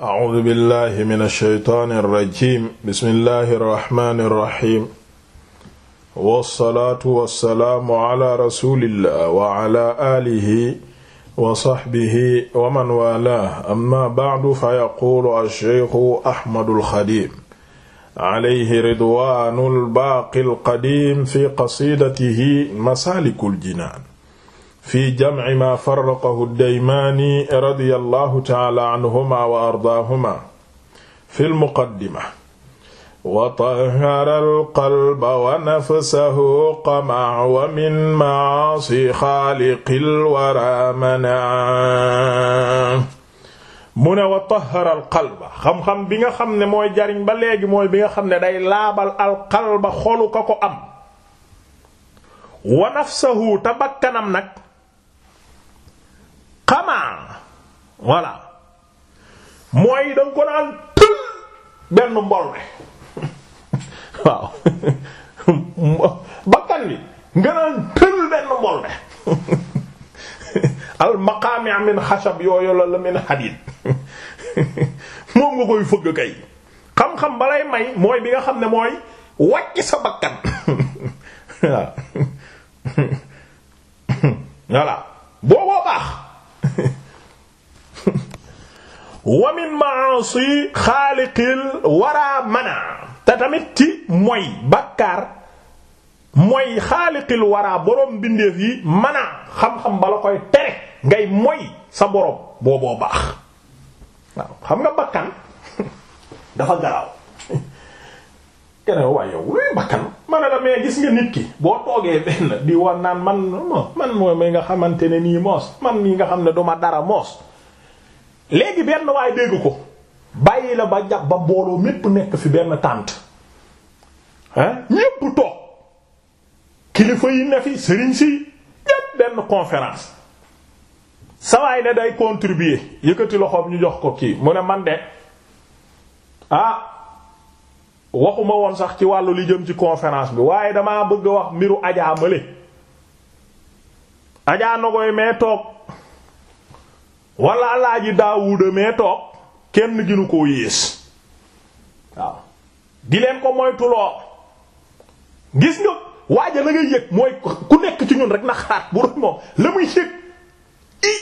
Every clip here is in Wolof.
acuudu billahi min alsheytaan alrajim bismillahi arrahmani irrahim walsalaatu walsalaamu ala rasulillah wa ala aalihi wa saxbihi wa man waalaah amma bacdu fa yaquulu alsheykhu ahmadu alxadim alayhi ridwaanu albaaqi alqadim fi qasidatihi masaaliku aljinaan fi jamci ma farraqahu daymaani radiyallahu taala anhuma wa ardaahuma fi lmuqaddima wa tahara alqalba wa nafsahu qamac wa min macaasi xaaliqi lwara mana mu ne wa tahara alqalba xam-xam bi nga xam ne mooy jariñ ba léegi mooy bi nga xam ne day laabal alqalba xolu ka ko am wa nafsahu ta bakkanam nag xamaa voilà mooy danga ko naan tël benn mbol waaw bakkan bi nga naan tël benn mbol al maqaami min xasab yooyu la la min xadiit moom nga koy fëgg kay xam-xam balay may mooy bi nga xam ne mooy wàcc sa bakkan waaw voilà wa min maasi xaaliqil wara mana te tamit ci moy bàkkaar mooy xaaliqil wara boroom bindeef yi mana xam-xam bala koy tere ngay moy sa boroom booboo baax waaw xam nga bakkan dafa garaaw keneen waaye yow luy bakkan ma ne la mais gis nga nit ki boo toogee benn di war naan man man mooy may nga xamante ne nii moos man nii nga xam ne duma dara moos léegi benn waaye dégg ko bàyyi la ba jàpp ba mbooloo mépp nekk fi benn tànt ah ñépp toog kilifa yi ne fi sëriñ si ñépp benn conférence sawaay ne day contribuer yëkkati loxoom ñu jox ko kii mu ne man de ah waxuma woon sax ci wàllu li jëm ci conférence bi waaye damaa bëgg wax mbiru ajaa male koy mais toog wala alaaji daawuda mee toog kenn ginu koo yées waaw di leen ko moytuloo gis nga waaj la ngay yëg mooy ku nekk ci ñun rek na xalaat bu doon moom la muy yëg i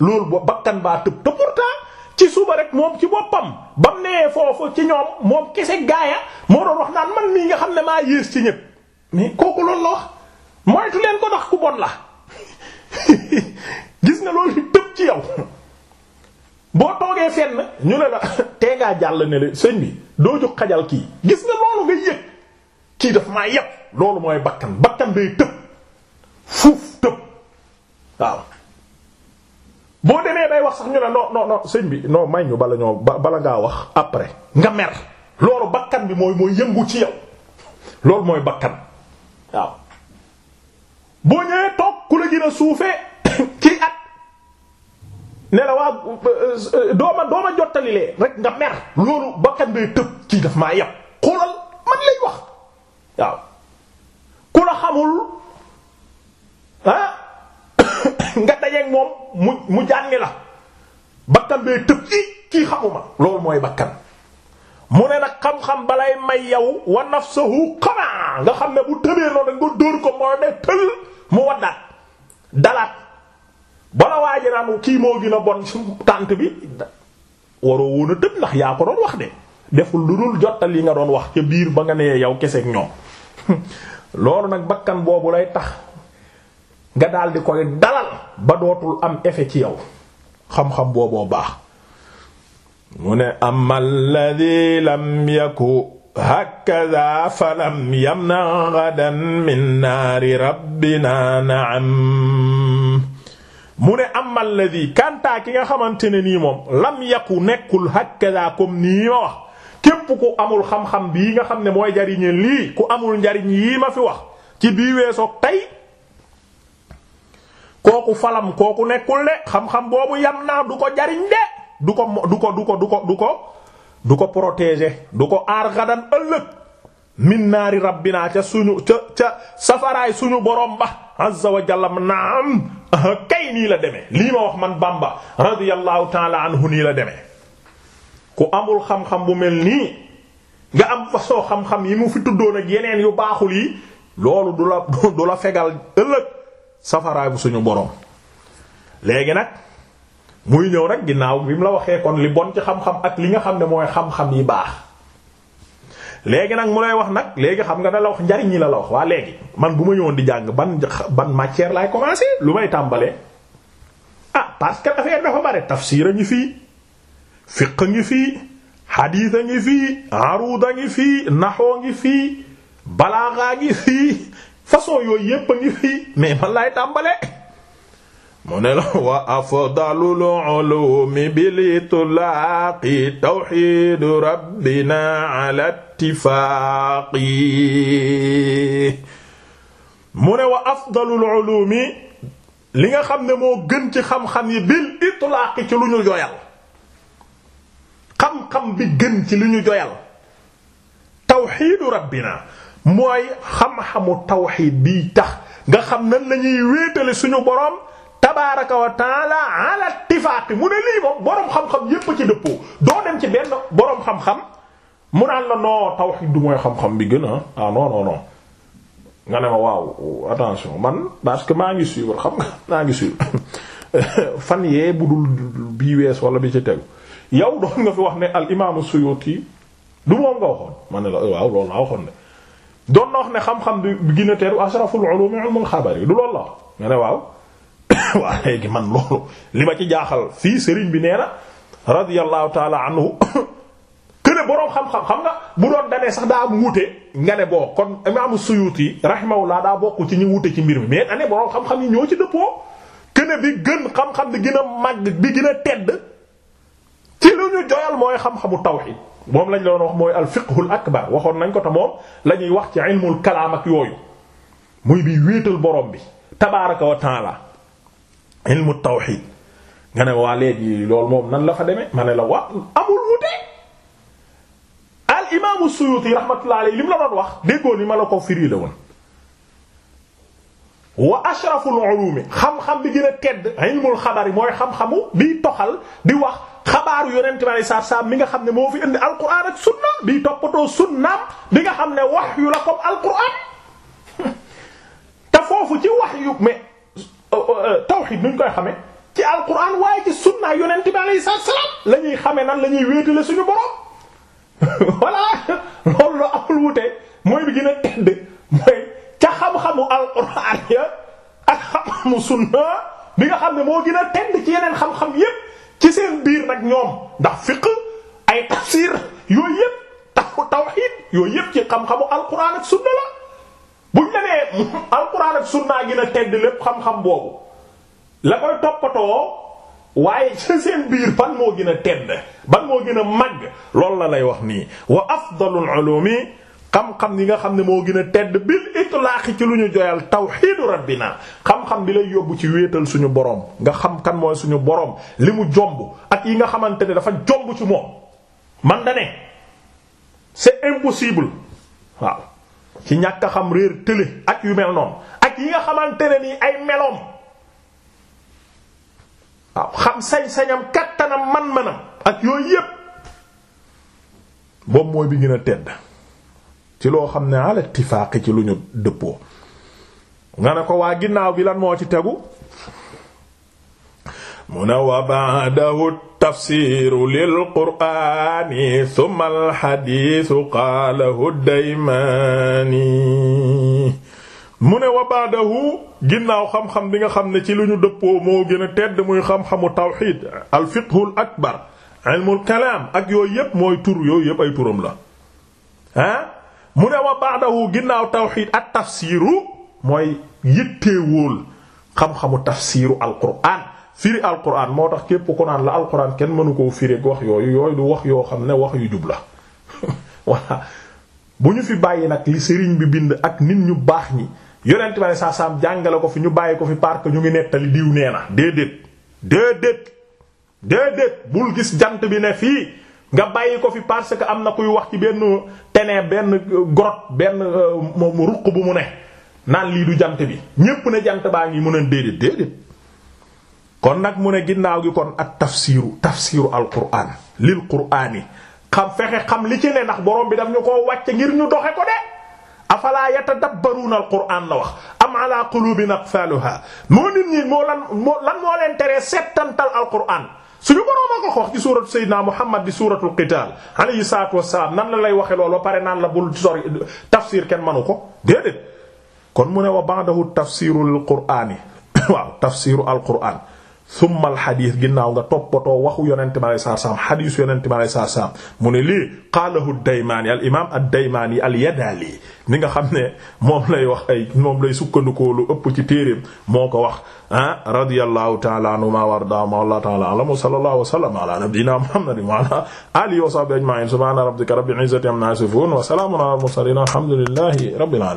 loolu ba bakkan baa tëb te pourtant ci suba rek moom ci boppam bam nee foofu ci ñoom moom kese gaaya moo doon wax naan man mii nga xam ne maa yées ci ñépp mais kooku loolu la wax ko ndax ku bon la gis nga loolu tëb ci yow boo toogee fenn ñu ne la tee ngaa jàll ne la sëñ bi doo jóg xajal kii gis nga loolu nga yëg kii daf maa yëpp loolu mooy bakkan bakkan day tëb fuuf tëb waaw boo demee day wax sax ñu ne non non non sëñ bi non may ñu bala ñoo bala ngaa wax après nga mer loolu bakkan bi mooy mooy yëngu ci yow loolu mooy bakkan waaw boo ñëwee toog ku la gën suufee ne la waa euh, dooma dooma jottali lee rek nga mer loolu bakkan bee tëb kii daf maa yab xoolal man lay wax waaw ku la xamul ah, nga dajeeg moom mu mu jànni la bakkan bee tëb i kii xamuma loolu mooy bakkan mu ne nag xam-xam balay may yow wa nafsuhu xama nga xam ne bu tëbee noonu nga dóor ko mooy ne tël mu waddaat dalaat bala waaji naan kii moo gën a bon su tànt bi waroo woon a tëb ndax yaa ko doon wax de deful lu dul jottal yi nga doon wax ca biir ba nga nee yow kese ñoom loolu nag bakkan boobu lay tax nga daal di koy dalal ba dootul am effet ci yow xam-xam booboo baax mu ne amma alladhi lam yaku hakaza falam yamna ghadan min naari rabbina na'am mu ne amma alladhi kantaa ki nga xamante ne nii moom lam yàqu nekkul hakkadaa comme nii ma wax képp ku amul xam-xam bii nga xam ne mooy jariñe lii ku amul njariñ yii ma fi wax ci bii weesoog tey kooku falam kooku nekkul de xam-xam boobu yam naa du ko jariñ de du ko du ko du ko du ko du ko du ko protéger du ko aar xadan ëllëg min naari rabbinaa ca suñu ca ca safaraay suñu borom ba azza wa jalla naam kay nii la demee lii ma wax man Bamba radiyallahu taala anhu nii la deme ku amul xam-xam bu mel nii nga am façon xam-xam yi mu fi tuddoon ak yeneen yu baaxul yi loolu du la du la fegal ëllëg safaraay suñu borom léegi nag muy ñëw rek ginnaaw bi mu la waxee kon li bon ci xam-xam ak li nga xam ne mooy xam-xam yi baax léegi nag mu lay wax nag léegi xam nga da la wax njariñ la la wax waa léegi man bu ma ñëwoon di jàng ban ban matière laay commencer lu may tàmbalee ah parce que affaire dafa bare tafsir a ngi fii fiq a ngi fii hadith a ngi fii aruud a ngi fii naxoo ngi fii balaaxa ngi fii façon yooyu yépp a ngi fii mais man laay tàmbalee mu ne la wa afdalul ulumi bil itlaaqi tawxiidu rabbina ala mu ne wa afdalul ulumi li nga xam ne moo gën ci xam-xam yi bil itlaaqi ci lu ñu joyal xam-xam bi gën ci lu ñu joyal tawxiidu rabbina mooy xam-xamu tawxiid bi tax nga xam nan lañuy wéetale suñu borom tabaaraka wa taala ala mu ne lii moom boroom xam-xam yépp ci dëppoo doo dem ci benn boroom xam-xam mu naan la non tawhid du mooy xam-xam bi gën a ah non nga ne man parce que maa ngi suivre xam nga ngi suivre fan yee bu dul bii wees bi ci tegu yow doon nga fi wax ne al imaamu Suyuti du moom nga waxoon ma ne la eh, waaw loolu laa waxoon ne doon na wax ne xam-xam bi gën a teru ashraful ulum ilmul xabar yi du lool la nga ne waaw waa léegi man loolu li ma ci jaaxal fii sëriñ bi nee na radiyallahu taala anhu këne boroom xam-xam xam nga bu doon danee sax daa am wuute nga ne boo kon imaamu Suyuti laa daa bokk ci ñu wuute ci mbir mi mais danee boroom xam-xam yi ñoo ci dëppoo këne bi gën xam-xam bi gën a bi gën a tedd ci lu ñu joyal mooy xam-xamu tawhid moom lañ doon wax mooy al fiqhul akbar waxoon nañ ko te moom la ñuy wax ci ilmul kalaam yooyu muy bi wéetal borom bi tabaaraka wa ilmu tawxiid nga ne waa léegi loolu moom nan la fa demee ma ne la waa amul wute al imaamu suyuti rahmatullahi li mu la doon wax déggoo ni ma la ko firi la woon wa ashraful ulumi xam-xam bi gën a tedd ilmul xabar yi mooy xam-xamu toxal di wax xabaaru yonent bi alayhi salaatu salaam mi nga xam ne moo fi indi alquran ak sunna biy toppatoo sunnaam bi nga xam ne wax yu la comme alquran te foofu ci wax yu mais tawxid nuñ koy xamee ci alquran waaye ci sunna yonent bi alayhi sa la ñuy xamee nan la ñuy wéetale suñu borom voilà loolu la amul wute mooy bi gën a tedd mooy ca xam-xamu alquran ya ak xam-xamu sunna bi nga xam ne moo gën a tedd ci yeneen xam-xam yépp ci seen biir nag ñoom ndax fiqh ay tafsir yooyu yépp taxu tawxid yooyu yépp ci xam-xamu alquran ak sunna la. alquran ak sunnaa gën a tedd lépp xam-xam boobu la koy toppatoo waaye seen biir ban moo gina a tedd ban moo gën a màgg loolu la lay wax nii wa afdalul ulumi xam-xam yi nga xam ne moo gën a tedd bil itlaaxi ci lu ñu joyal tawxiidu rabbina xam-xam bi lay yóbbu ci wéetal suñu boroom nga xam kan mooy suñu boroom li mu jomb ak yi nga xamante ne dafa jomb ci moom man da ne c'est impossible waaw ci ñàkk a xam réer tële ak yu mel noonu ak yi nga xamante ne nii ay meloom waaw xam sañ-sañam kattanam man-manam ak yooyu yépp boobu mooy bi gën a tedd ci loo xam ne ala ittifaaqi ci lu ñu dëppoo nga ne ko waa ginnaaw bi lan moo ci tegu mu ne wa ba'dahu tafsiru lil qur'ani thumma al qaalahu daymaani mu ne wa ba'dahu ginnaaw xam-xam bi nga xam ne ci lu ñu dëppoo moo gën a tedd muy xam-xamu tawxiid al fiqhul akbar ilmul ak yooyu yëpp mooy tur yooyu yëpp ay turam la ah mu ne wa ba'dahu ginnaaw tawxiid at tafsiru mooy yitteewul xam-xamu tafsiru al firi alquran moo tax képp ko naan la alquran kenn mënu koo firi wax yooyu yooyu du wax yoo xam ne wax yu jub la voilà bu ñu fi bàyyi nag li sëriñ bi bind ak nit ñu baax ñi yonent ba ne saa saam jàngale ko fi ñu bàyyi ko fi parce que ñu ngi nettali diw nee na déedéet déedéet déedéet bul gis jant bi ne fii nga bàyyi ko fi parce que am na kuy wax ci benn tenee benn grotte benn euh, ruq bu mu ne naan lii du jant bi ñépp ne jant baa ngi mën a déedéet déedéet kon nag mu ne ginnaaw gi kon ak tafsiru tafsiru alquraan lil quraani xam fexe xam li ci ne ndax borom bi daf ñu ko wàcce ngir ñu doxe ko de afala yatadabbaruuna alquraan la wax am ala qulubin aqfaaluha moo nit ñi moo lan moo lan moo leen teree settantal alquraan suñu borom a ko wax ci suuratu Seydina Muhammad di suuratul qitaal alayhi nan la lay waxe loolu ba pare naan la bul sori tafsir kenn manu ko déedéet kon mu ne wa ba'dahu tafsiru lil quraani waaw tafsiru summal xadiis ginnaaw nga toppatoo waxu yonente mi alay saatu salaam xadiis yonente mi alay saatu salaam mu ne lii qaalahu daymaani al imaam ad daymaani al yadaali ni nga xam ne moom lay wax ay moom lay sukkandikoo lu ëpp ci téeréem moo ko wax ah radiyallahu taala anhuma wa ardaahuma wallahu taala alamu sallallahu wa sallam ala nabiyyina muhammadin wa ala alihi wa sahbihi ajma'in subhana rabbika rabbil izzati amma yasifun wa salamun ala al mursalin alhamdulillahi rabbil alamin